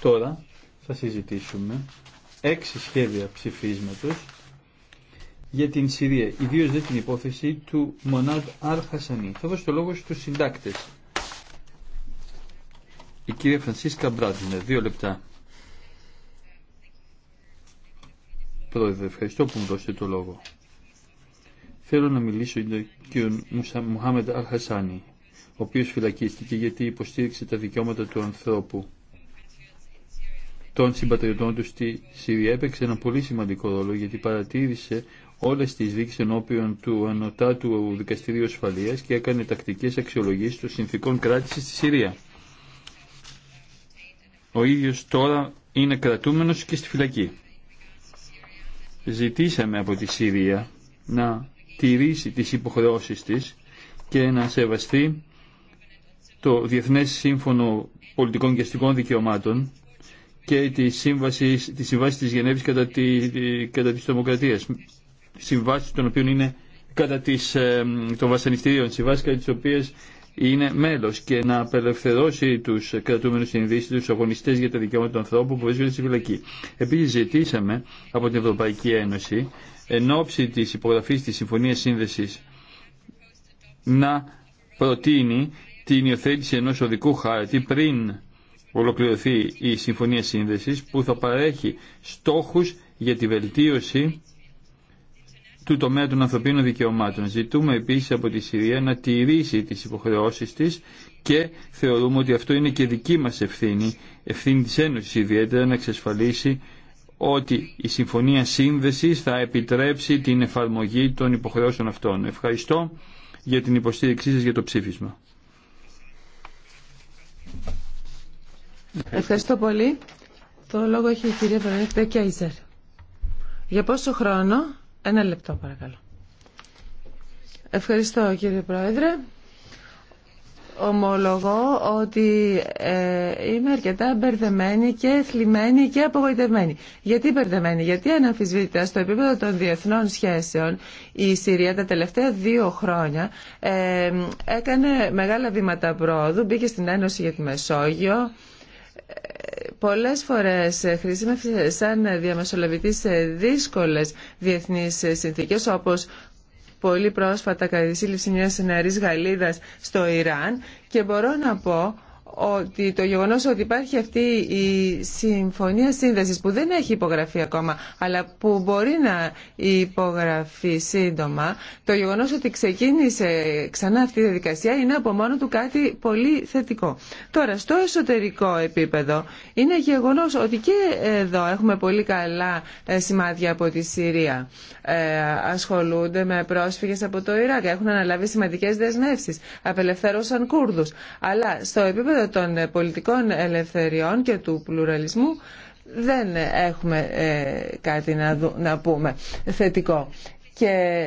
Τώρα θα συζητήσουμε έξι σχέδια ψηφίσματος για την Συρία, ιδίω δε την υπόθεση του Μονάδ Αρχασανή. Θα δώσω το λόγο στους συντάκτες. Η κυρία Φρανσίσκα Μπράτζινερ, δύο λεπτά. Πρόεδρε, ευχαριστώ που μου δώσετε το λόγο. Θέλω να μιλήσω για τον κύριο Μουχάμεντ Αρχασάνη, ο οποίος φυλακίστηκε γιατί υποστήριξε τα δικαιώματα του ανθρώπου των συμπατριωτών του στη Συρία έπαιξε ένα πολύ σημαντικό ρόλο γιατί παρατήρησε όλες τις δίκες ενώπιον του Ανωτάτου Δικαστηρίου ασφαλεία και έκανε τακτικές αξιολογήσεις των συνθήκων κράτηση στη Συρία. Ο ίδιο τώρα είναι κρατούμενος και στη φυλακή. Ζητήσαμε από τη Συρία να τηρήσει τις υποχρεώσει της και να σεβαστεί το Διεθνές Σύμφωνο Πολιτικών και Αστικών Δικαιωμάτων και τη σύμβαση τη σύμβαση της Γενέβης κατά, τη, κατά της Δημοκρατίας. Συμβάσεις των οποίων είναι κατά ε, των βασανιστήριων, συμβάσεις κατά τις οποίες είναι μέλος και να απελευθερώσει τους κρατούμενους Δύση, τους αγωνιστές για τα δικαιώματα του ανθρώπου που βρίσκονται στη φυλακή. Επίσης ζητήσαμε από την Ευρωπαϊκή Ένωση εν ώψη της υπογραφής της Συμφωνίας Σύνδεσης να προτείνει την υιοθέτηση ενός οδικού χάρτη πριν ολοκληρωθεί η Συμφωνία Σύνδεσης που θα παρέχει στόχους για τη βελτίωση του τομέα των ανθρωπίνων δικαιωμάτων. Ζητούμε επίσης από τη Συρία να τηρήσει τις υποχρεώσεις της και θεωρούμε ότι αυτό είναι και δική μας ευθύνη, ευθύνη της Ένωσης ιδιαίτερα να εξασφαλίσει ότι η Συμφωνία Σύνδεσης θα επιτρέψει την εφαρμογή των υποχρεώσεων αυτών. Ευχαριστώ για την υποστήριξή σας για το ψήφισμα. Ευχαριστώ πολύ. Το λόγο έχει η κυρία Βαρονίκ Κέιζερ. Για πόσο χρόνο, ένα λεπτό παρακαλώ. Ευχαριστώ κύριε Πρόεδρε. Ομολογώ ότι ε, είμαι αρκετά μπερδεμένη και θλιμμένη και απογοητευμένη. Γιατί μπερδεμένη, γιατί αναμφισβήτητα στο επίπεδο των διεθνών σχέσεων η Συρία τα τελευταία δύο χρόνια ε, έκανε μεγάλα βήματα πρόοδου, μπήκε στην Ένωση για τη Μεσόγειο, πολλές φορές χρησιμεύει σαν διαμεσολαβητή σε δύσκολες διεθνείς συνθήκες όπως πολύ πρόσφατα κατά τη σύλληψη μιας νεαρής στο Ιράν και μπορώ να πω ότι το γεγονό ότι υπάρχει αυτή η συμφωνία σύνδεσης που δεν έχει υπογραφεί ακόμα αλλά που μπορεί να υπογραφεί σύντομα το γεγονό ότι ξεκίνησε ξανά αυτή η διαδικασία είναι από μόνο του κάτι πολύ θετικό. Τώρα στο εσωτερικό επίπεδο είναι γεγονό ότι και εδώ έχουμε πολύ καλά ε, σημάδια από τη Συρία. Ε, ασχολούνται με πρόσφυγε από το Ιράκ, έχουν αναλάβει σημαντικέ δεσμεύσει, απελευθέρωσαν Κούρδους. Αλλά στο επίπεδο των πολιτικών ελευθεριών και του πλουραλισμού δεν έχουμε ε, κάτι να, να πούμε θετικό. Και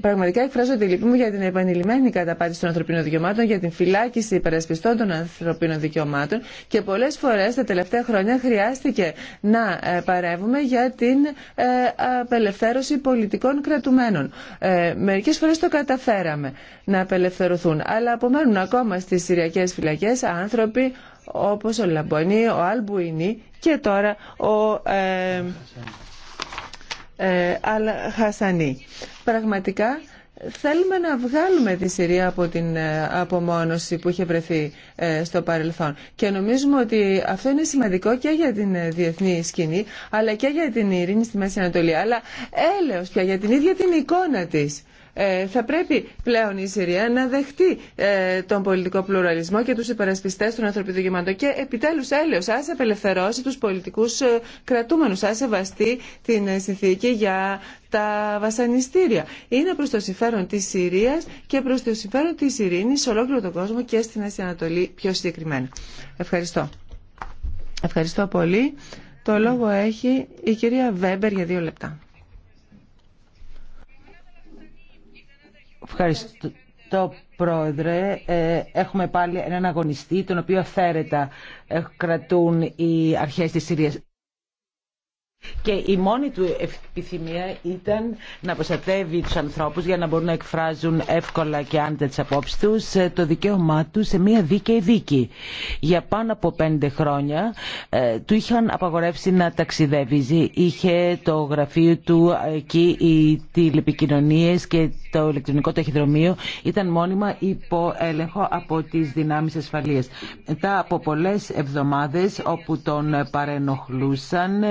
πραγματικά εκφράζω τη λυπή μου για την επανειλημμένη καταπάτηση των ανθρωπίνων δικαιωμάτων, για την φυλάκιση υπερασπιστών των ανθρωπίνων δικαιωμάτων και πολλές φορές τα τελευταία χρόνια χρειάστηκε να ε, παρεύουμε για την ε, απελευθέρωση πολιτικών κρατουμένων. Ε, μερικές φορές το καταφέραμε να απελευθερωθούν, αλλά απομένουν ακόμα στι Συριακέ φυλακέ άνθρωποι όπως ο Λαμπονί, ο Αλμπουινί και τώρα ο... Ε, Αλ Χασανή. Πραγματικά θέλουμε να βγάλουμε τη Συρία από την ε, απομόνωση που είχε βρεθεί ε, στο παρελθόν. Και νομίζουμε ότι αυτό είναι σημαντικό και για την διεθνή σκηνή, αλλά και για την ειρήνη στη Μέση Ανατολή, αλλά έλεος πια για την ίδια την εικόνα της. Ε, θα πρέπει πλέον η Συρία να δεχτεί ε, τον πολιτικό πλουραλισμό και τους υπερασπιστές των ανθρωπίνων και επιτέλους έλεος ας απελευθερώσει τους πολιτικούς ε, κρατούμενους, ας σεβαστεί την συνθήκη για τα βασανιστήρια. Είναι προς το συμφέρον της Συρίας και προς το συμφέρον της ειρήνης σε ολόκληρο τον κόσμο και στην Ασία Ανατολή πιο συγκεκριμένα. Ευχαριστώ. Ευχαριστώ πολύ. Το λόγο έχει η κυρία Βέμπερ για δύο λεπτά. Ευχαριστώ Πρόεδρε. Ε, έχουμε πάλι έναν αγωνιστή τον οποίο θέρετα ε, κρατούν οι αρχές της Συρίας. Και η μόνη του επιθυμία ήταν να προστατεύει τους ανθρώπους για να μπορούν να εκφράζουν εύκολα και άνετα τις απόψεις τους ε, το δικαίωμά του σε μια δίκαιη δίκη. Για πάνω από πέντε χρόνια του είχαν απαγορεύσει να ταξιδεύει. Είχε το γραφείο του εκεί οι τηλεπικοινωνίες και το ηλεκτρονικό ταχυδρομείο ήταν μόνιμα υπό έλεγχο από τις δυνάμεις ασφαλείας. Μετά από πολλές εβδομάδες όπου τον παρενοχλούσαν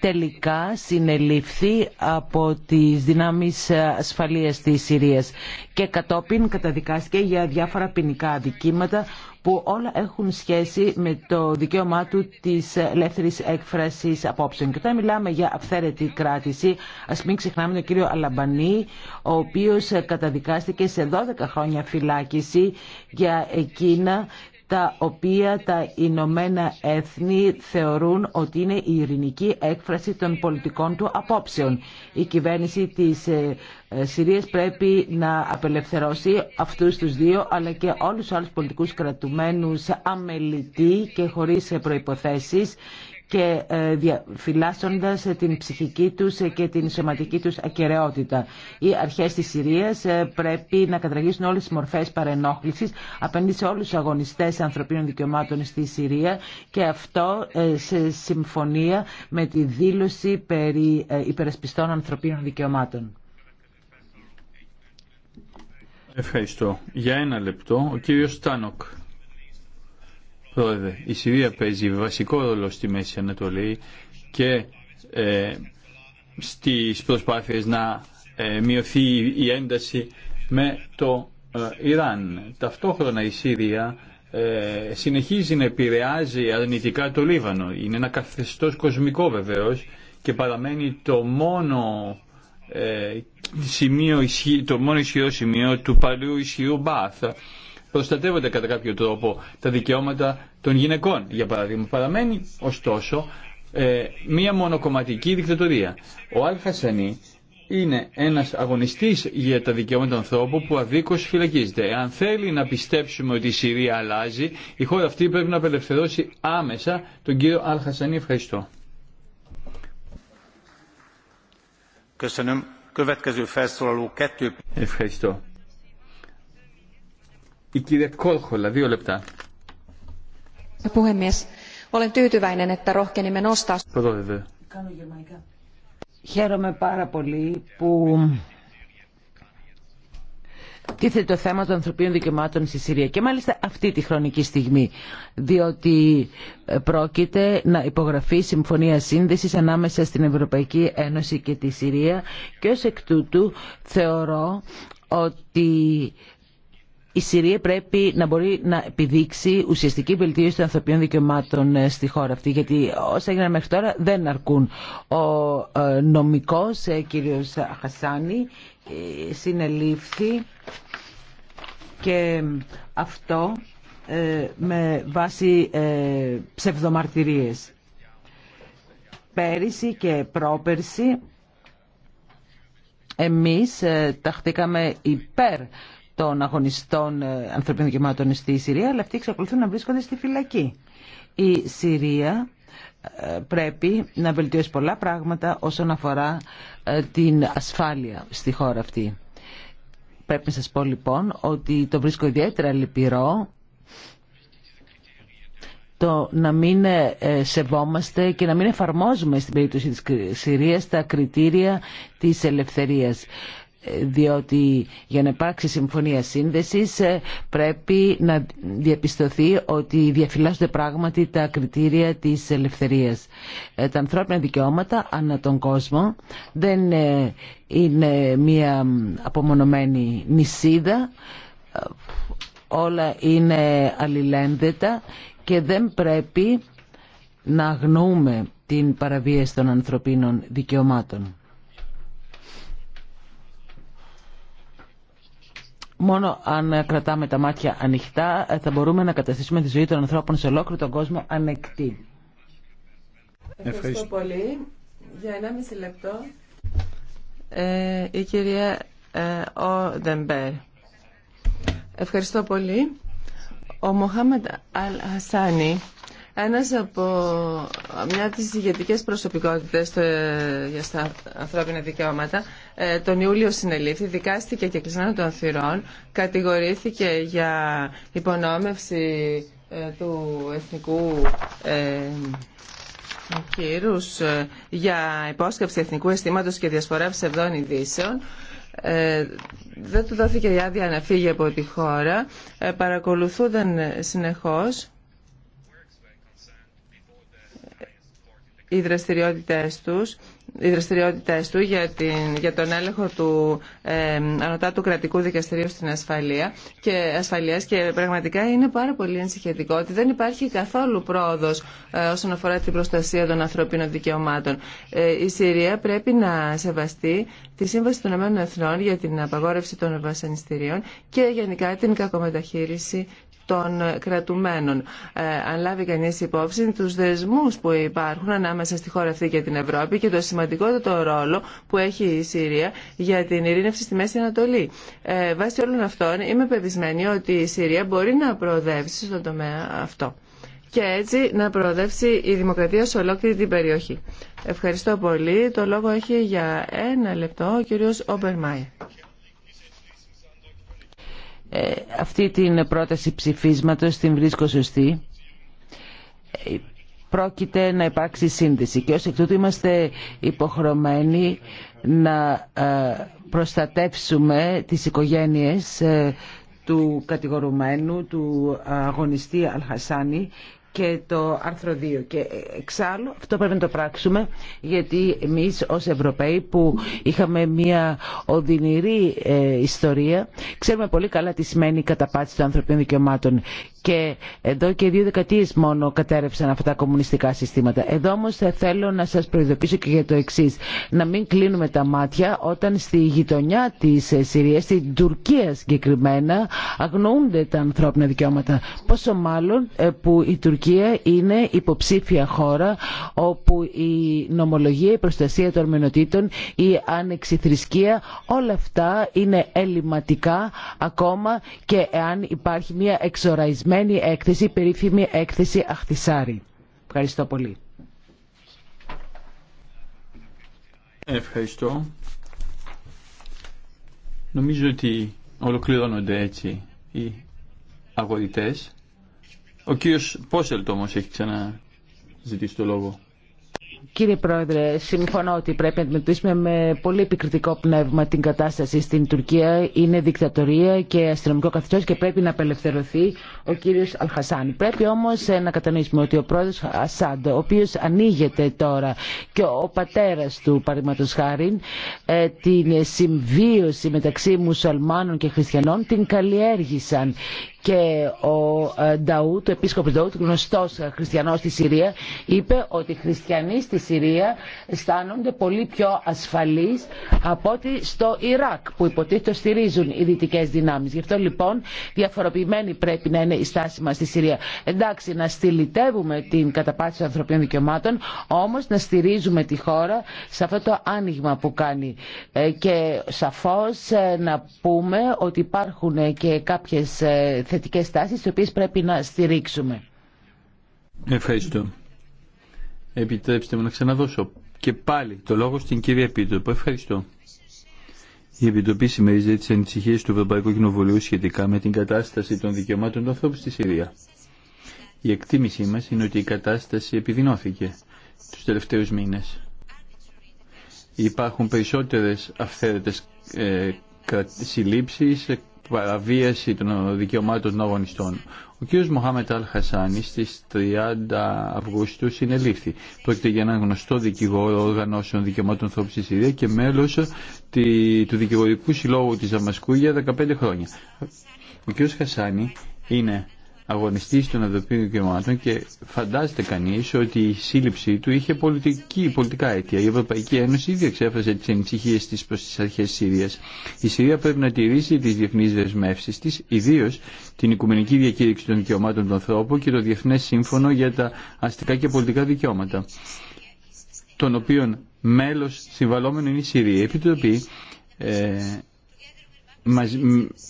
τελικά συνελήφθη από τις δυνάμεις ασφαλείας της Συρίας και κατόπιν καταδικάστηκε για διάφορα ποινικά αδικήματα που όλα έχουν σχέση με το δικαίωμά του της ελεύθερης έκφρασης απόψεων. Και όταν μιλάμε για αυθαίρετη κράτηση, ας μην ξεχνάμε τον κύριο Αλαμπανή, ο οποίος καταδικάστηκε σε 12 χρόνια φυλάκιση για εκείνα τα οποία τα Ηνωμένα Έθνη θεωρούν ότι είναι η ειρηνική έκφραση των πολιτικών του απόψεων. Η κυβέρνηση της ε, ε, Συρίας πρέπει να απελευθερώσει αυτούς τους δύο αλλά και όλους τους άλλους πολιτικούς κρατουμένους αμελητή και χωρίς ε, προϋποθέσεις και ε, φυλάσσοντας ε, την ψυχική τους ε, και την σωματική τους ακαιρεότητα. Οι αρχές της Συρίας πρέπει να καταργήσουν όλες τις μορφές παρενόχλησης απέναντι σε όλους τους αγωνιστές ανθρωπίνων δικαιωμάτων στη Συρία και αυτό σε συμφωνία με τη δήλωση περί υπερασπιστών ανθρωπίνων δικαιωμάτων. Ευχαριστώ. Για ένα λεπτό, ο κύριος Τάνοκ. Βέβαια, η Συρία παίζει βασικό ρόλο στη Μέση Ανατολή και ε, στις προσπάθειες να ε, μειωθεί η ένταση με το ε, Ιράν. Ταυτόχρονα η Συρία ε, συνεχίζει να επηρεάζει αρνητικά το Λίβανο. Είναι ένα καθεστώς κοσμικό βεβαίως και παραμένει το μόνο σημείο, το μόνο ισχυρό σημείο του παλιού ισχυρού Μπάθ προστατεύονται κατά κάποιο τρόπο τα δικαιώματα των γυναικών, για παράδειγμα. Παραμένει, ωστόσο, ε, μία μονοκομματική δικτατορία. Ο Αλ Χασανή είναι ένας αγωνιστής για τα δικαιώματα των ανθρώπου που αδίκως φυλακίζεται. Αν θέλει να πιστέψουμε ότι η Συρία αλλάζει, η χώρα αυτή πρέπει να απελευθερώσει άμεσα τον κύριο Αλ Χασανή. Ευχαριστώ. Ευχαριστώ. Η κυρία Κόλχολα, δύο λεπτά. Χαίρομαι πάρα πολύ που τίθεται το θέμα των ανθρωπίνων δικαιωμάτων στη Συρία και μάλιστα αυτή τη χρονική στιγμή διότι ε, πρόκειται να υπογραφεί συμφωνία σύνδεσης ανάμεσα στην Ευρωπαϊκή Ένωση και τη Συρία και ως εκ τούτου θεωρώ ότι η Συρία πρέπει να μπορεί να επιδείξει ουσιαστική βελτίωση των ανθρωπίνων δικαιωμάτων ε, στη χώρα αυτή. Γιατί όσα έγιναν μέχρι τώρα δεν αρκούν. Ο ε, νομικός ε, κύριος Χασάνη συνελήφθη και αυτό με βάση ψευδομαρτυρίες. Πέρυσι και πρόπερσι εμείς ταχθήκαμε υπέρ των αγωνιστών ε, ανθρωπίνων δικαιωμάτων στη Συρία, αλλά αυτοί εξακολουθούν να βρίσκονται στη φυλακή. Η Συρία ε, πρέπει να βελτιώσει πολλά πράγματα όσον αφορά ε, την ασφάλεια στη χώρα αυτή. Πρέπει να σας πω λοιπόν ότι το βρίσκω ιδιαίτερα λυπηρό το να μην σεβόμαστε και να μην εφαρμόζουμε στην περίπτωση της Συρίας τα κριτήρια της ελευθερίας διότι για να υπάρξει συμφωνία σύνδεσης ε, πρέπει να διαπιστωθεί ότι διαφυλάσσονται πράγματι τα κριτήρια της ελευθερίας. Ε, τα ανθρώπινα δικαιώματα ανά τον κόσμο δεν ε, είναι μία απομονωμένη νησίδα, όλα είναι αλληλένδετα και δεν πρέπει να αγνοούμε την παραβίαση των ανθρωπίνων δικαιωμάτων. Μόνο αν κρατάμε τα μάτια ανοιχτά ε, θα μπορούμε να καταστήσουμε τη ζωή των ανθρώπων σε ολόκληρο τον κόσμο ανεκτή. Ευχαριστώ, πολύ. Για ένα μισή λεπτό. Ε, η κυρία ε, ο Ευχαριστώ πολύ. Ο Μοχάμεντ Αλ Χασάνι. Ένας από μια από τις ηγετικές προσωπικότητες για στα ανθρώπινα δικαιώματα ε, τον Ιούλιο συνελήφθη, δικάστηκε και κλεισμένο των θυρών, κατηγορήθηκε για υπονόμευση ε, του εθνικού ε, κύρους για υπόσκεψη εθνικού αισθήματο και διασπορά ψευδών ειδήσεων. δεν του δόθηκε η άδεια να φύγει από τη χώρα. Ε, παρακολουθούνταν συνεχώς οι δραστηριότητες τους του για, την, για τον έλεγχο του ε, Ανωτάτου Κρατικού Δικαστηρίου στην ασφαλεία και ασφαλείας και πραγματικά είναι πάρα πολύ ενσυχετικό ότι δεν υπάρχει καθόλου πρόοδος ε, όσον αφορά την προστασία των ανθρωπίνων δικαιωμάτων. Ε, η Συρία πρέπει να σεβαστεί τη Σύμβαση των ΕΕ για την απαγόρευση των βασανιστήριων και γενικά την κακομεταχείριση των κρατουμένων. Ε, αν λάβει κανεί υπόψη του δεσμού που υπάρχουν ανάμεσα στη χώρα αυτή και την Ευρώπη και το σημαντικότερο ρόλο που έχει η Συρία για την ειρήνευση στη Μέση Ανατολή. Ε, βάσει όλων αυτών, είμαι πεπισμένη ότι η Συρία μπορεί να προοδεύσει στον τομέα αυτό και έτσι να προοδεύσει η δημοκρατία σε ολόκληρη την περιοχή. Ευχαριστώ πολύ. Το λόγο έχει για ένα λεπτό ο κύριος Ομπερμάιερ. Ε, αυτή την πρόταση ψηφίσματος την βρίσκω σωστή. Ε, πρόκειται να υπάρξει σύνδεση και ως εκ τούτου είμαστε υποχρεωμένοι να ε, προστατεύσουμε τις οικογένειες του κατηγορουμένου, του αγωνιστή Αλχασάνη και το άρθρο 2. Και εξάλλου αυτό πρέπει να το πράξουμε γιατί εμεί, ως Ευρωπαίοι που είχαμε μια οδυνηρή ε, ιστορία ξέρουμε πολύ καλά τι σημαίνει η καταπάτηση των ανθρωπίνων δικαιωμάτων και εδώ και δύο δεκαετίε μόνο κατέρευσαν αυτά τα κομμουνιστικά συστήματα. Εδώ όμως θέλω να σας προειδοποιήσω και για το εξή. Να μην κλείνουμε τα μάτια όταν στη γειτονιά της Συρίας, στην Τουρκία συγκεκριμένα, αγνοούνται τα ανθρώπινα δικαιώματα. Πόσο μάλλον ε, που η Τουρκία είναι υποψήφια χώρα όπου η νομολογία, η προστασία των μενοτήτων, η άνεξη θρησκεία όλα αυτά είναι ελληματικά ακόμα και εάν υπάρχει μια εξοραϊσμένη συγκεκριμένη έκθεση, η περίφημη έκθεση Αχτισάρη. Ευχαριστώ πολύ. Ευχαριστώ. Νομίζω ότι ολοκληρώνονται έτσι οι αγορητές. Ο κύριος Πόσελτ όμως έχει ξαναζητήσει το λόγο. Κύριε Πρόεδρε, συμφωνώ ότι πρέπει να αντιμετωπίσουμε με πολύ επικριτικό πνεύμα την κατάσταση στην Τουρκία. Είναι δικτατορία και αστυνομικό καθεστώ και πρέπει να απελευθερωθεί ο κύριο Αλχασάνη. Πρέπει όμω ε, να κατανοήσουμε ότι ο πρόεδρο Ασάντ, ο οποίο ανοίγεται τώρα και ο πατέρα του, παραδείγματο χάρη, ε, την συμβίωση μεταξύ μουσουλμάνων και χριστιανών την καλλιέργησαν και ο ε, Νταού, το επίσκοπος Νταού, γνωστός ε, χριστιανός στη Συρία, είπε ότι οι χριστιανοί στη Συρία αισθάνονται πολύ πιο ασφαλείς από ότι στο Ιράκ που υποτίθεται στηρίζουν οι δυτικέ δυνάμεις. Γι' αυτό λοιπόν διαφοροποιημένη πρέπει να είναι η στάση μας στη Συρία. Εντάξει, να στυλιτεύουμε την καταπάτηση των ανθρωπίνων δικαιωμάτων, όμως να στηρίζουμε τη χώρα σε αυτό το άνοιγμα που κάνει. Ε, και σαφώς να πούμε ότι υπάρχουν και κάποιες θετικές τάσεις τις οποίες πρέπει να στηρίξουμε. Ευχαριστώ. Επιτρέψτε μου να ξαναδώσω και πάλι το λόγο στην κυρία Επίτροπο. Ευχαριστώ. Η Επιτροπή συμμερίζεται τι ανησυχίε του Ευρωπαϊκού Κοινοβουλίου σχετικά με την κατάσταση των δικαιωμάτων των ανθρώπων στη Συρία. Η εκτίμησή μα είναι ότι η κατάσταση επιδεινώθηκε του τελευταίου μήνε. Υπάρχουν περισσότερε αυθαίρετε ε, συλλήψει, παραβίαση των δικαιωμάτων των αγωνιστών. Ο κ. Μοχάμετ Αλ Χασάνη στι 30 Αυγούστου συνελήφθη. Πρόκειται για έναν γνωστό δικηγόρο οργανώσεων δικαιωμάτων ανθρώπων στη Συρία και μέλο του δικηγορικού συλλόγου τη Δαμασκού για 15 χρόνια. Ο κ. Χασάνη είναι Αγωνιστή των Ευρωπαίων δικαιωμάτων και φαντάζεται κανεί ότι η σύλληψή του είχε πολιτική, πολιτικά αίτια. Η Ευρωπαϊκή Ένωση ήδη εξέφρασε τι ανησυχίες τη προ τι αρχέ Συρία. Η Συρία πρέπει να τηρήσει τι διεθνεί δεσμεύσει τη, ιδίως την Οικουμενική Διακήρυξη των Δικαιωμάτων των Ανθρώπων και το Διεθνέ Σύμφωνο για τα Αστικά και Πολιτικά Δικαιώματα, των οποίων μέλο συμβαλόμενο είναι η Συρία. Η Επιτροπή ε,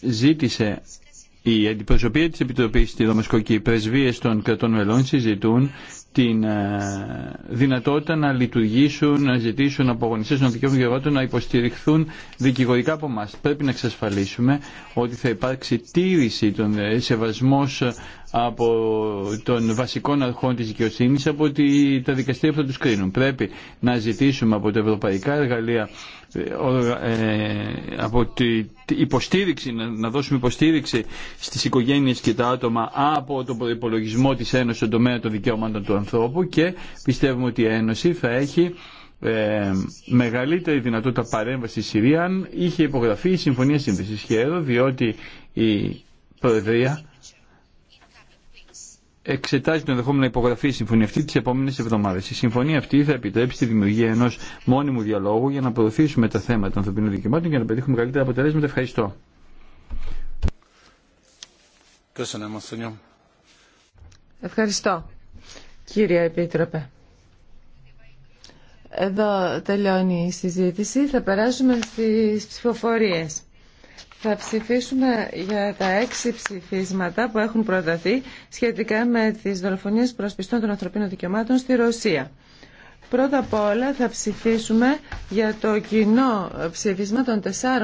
ζήτησε η αντιπροσωπεία της Επιτροπής στη Ρωμασκοκή, οι πρεσβείες των κρατών μελών συζητούν την ε, δυνατότητα να λειτουργήσουν, να ζητήσουν από αγωνιστές των δικαιών δικαιωμάτων να υποστηριχθούν δικηγορικά από εμά. Πρέπει να εξασφαλίσουμε ότι θα υπάρξει τήρηση, των, ε, σεβασμός ε, από των βασικών αρχών της δικαιοσύνη από ότι τα δικαστήρια που θα τους κρίνουν. Πρέπει να ζητήσουμε από τα ευρωπαϊκά εργαλεία από τη υποστήριξη, να δώσουμε υποστήριξη στις οικογένειες και τα άτομα από τον προπολογισμό της Ένωσης στον τομέα των δικαιωμάτων του ανθρώπου και πιστεύουμε ότι η Ένωση θα έχει ε, μεγαλύτερη δυνατότητα παρέμβαση στη Συρία αν είχε υπογραφεί η Συμφωνία Σύνδεσης. Χαίρο διότι η Προεδρία εξετάζει το ενδεχόμενο να υπογραφεί η συμφωνία αυτή τι επόμενε εβδομάδε. Η συμφωνία αυτή θα επιτρέψει τη δημιουργία ενό μόνιμου διαλόγου για να προωθήσουμε τα θέματα των ανθρωπίνων δικαιωμάτων και να πετύχουμε καλύτερα αποτελέσματα. Ευχαριστώ. Ευχαριστώ. Κύριε Επίτροπε, εδώ τελειώνει η συζήτηση. Θα περάσουμε στις ψηφοφορίες. Θα ψηφίσουμε για τα έξι ψηφίσματα που έχουν προταθεί σχετικά με τις δολοφονίες προσπιστών των ανθρωπίνων δικαιωμάτων στη Ρωσία. Πρώτα απ' όλα θα ψηφίσουμε για το κοινό ψήφισμα των τεσσάρων